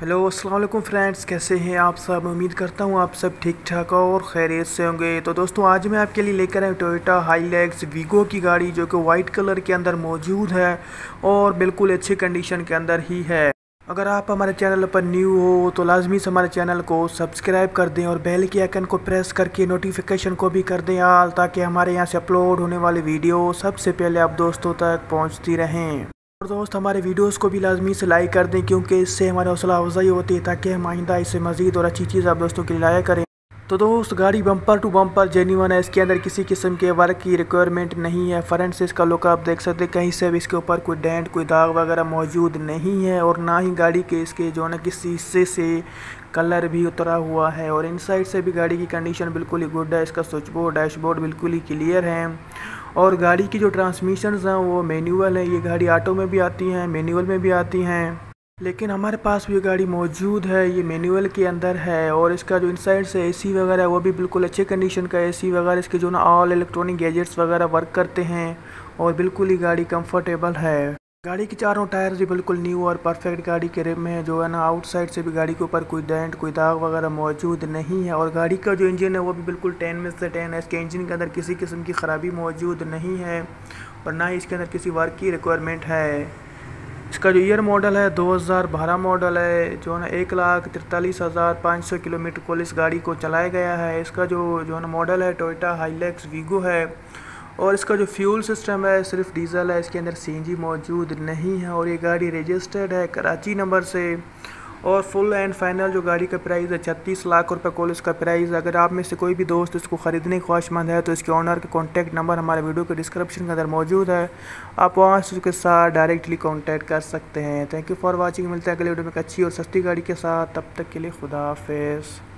hello अस्सलाम friends कैसे हैं आप सब उम्मीद करता हूँ आप सब ठीक ठाक और खैरियत से होंगे तो दोस्तों आज मैं आपके लिए लेकर आया टोयोटा हाईलैक्स वीगो की गाड़ी जो कि वाइट कलर के अंदर मौजूद है और बिल्कुल अच्छी कंडीशन के अंदर ही है अगर आप हमारे चैनल पर न्यू हो तो लाजमी से हमारे चैनल को सब्सक्राइब कर दें और बेल के आइकन को प्रेस करके नोटिफिकेशन को भी कर दें आल ताकि हमारे यहाँ से अपलोड होने वाली वीडियो सबसे पहले आप दोस्तों तक पहुँचती रहें और दोस्त हमारे वीडियोस को भी लाजमी से लाइक कर दें क्योंकि इससे हमारी हौसला अफजाई होती है ताकि हम आइंदा इससे मज़ीद और अच्छी चीज़ आप दोस्तों के लिए लाया करें तो दोस्त गाड़ी बम्पर टू बम्पर जेन्यून है इसके अंदर किसी किस्म के वर्क की रिक्वायरमेंट नहीं है फ्रंट से इसका लुक आप देख सकते हैं कहीं से भी इसके ऊपर कोई डेंट कोई दाग वगैरह मौजूद नहीं है और ना ही गाड़ी के इसके जो है ना किसी हिस्से से कलर भी उतरा हुआ है और इनसाइड से भी गाड़ी की कंडीशन बिल्कुल ही गुड है इसका स्विच बोर्ड डैशबोर्ड बिल्कुल ही क्लियर है और गाड़ी की जो ट्रांसमिशन हैं वो मैनुअल है ये गाड़ी ऑटो में भी आती हैं मैनुअल में भी आती हैं लेकिन हमारे पास ये गाड़ी मौजूद है ये मैनुअल के अंदर है और इसका जो इनसाइड से एसी वगैरह वो भी बिल्कुल अच्छे कंडीशन का एसी वगैरह इसके जो ना ऑल इलेक्ट्रॉनिक गैजेट्स वगैरह वर्क करते हैं और बिल्कुल ही गाड़ी कंफर्टेबल है गाड़ी के चारों टायर जी बिल्कुल न्यू और परफेक्ट गाड़ी के रेप में है जो है ना आउटसाइड से भी गाड़ी के ऊपर कोई डेंट कोई दाग वगैरह मौजूद नहीं है और गाड़ी का जो इंजन है वो भी बिल्कुल टेन में से टेन है इसके इंजन के अंदर किसी किस्म की ख़राबी मौजूद नहीं है और ना ही इसके अंदर किसी वर्क की रिक्वायरमेंट है इसका जो ईयर मॉडल है दो मॉडल है जो है ना एक लाख तिरतालीस हज़ार पाँच सौ किलोमीटर को इस गाड़ी को चलाया गया है इसका जो जो है ना मॉडल है टोयोटा हाईलैक्स वीगो है और इसका जो फ्यूल सिस्टम है सिर्फ डीजल है इसके अंदर सी मौजूद नहीं है और ये गाड़ी रजिस्टर्ड है कराची नंबर से और फुल एंड फाइनल जो गाड़ी का प्राइस है छत्तीस लाख रुपए कोल इसका प्राइस अगर आप में से कोई भी दोस्त इसको ख़रीदने की ख्वाहिशमंद है तो इसके ऑनर का कॉन्टैक्ट नंबर हमारे वीडियो के डिस्क्रिप्शन के अंदर मौजूद है आप वहाँ से उसके साथ डायरेक्टली कॉन्टैक्ट कर सकते हैं थैंक यू फॉर वॉचिंग मिलते हैं अगले वीडियो में एक अच्छी और सस्ती गाड़ी के साथ तब तक के लिए खुदा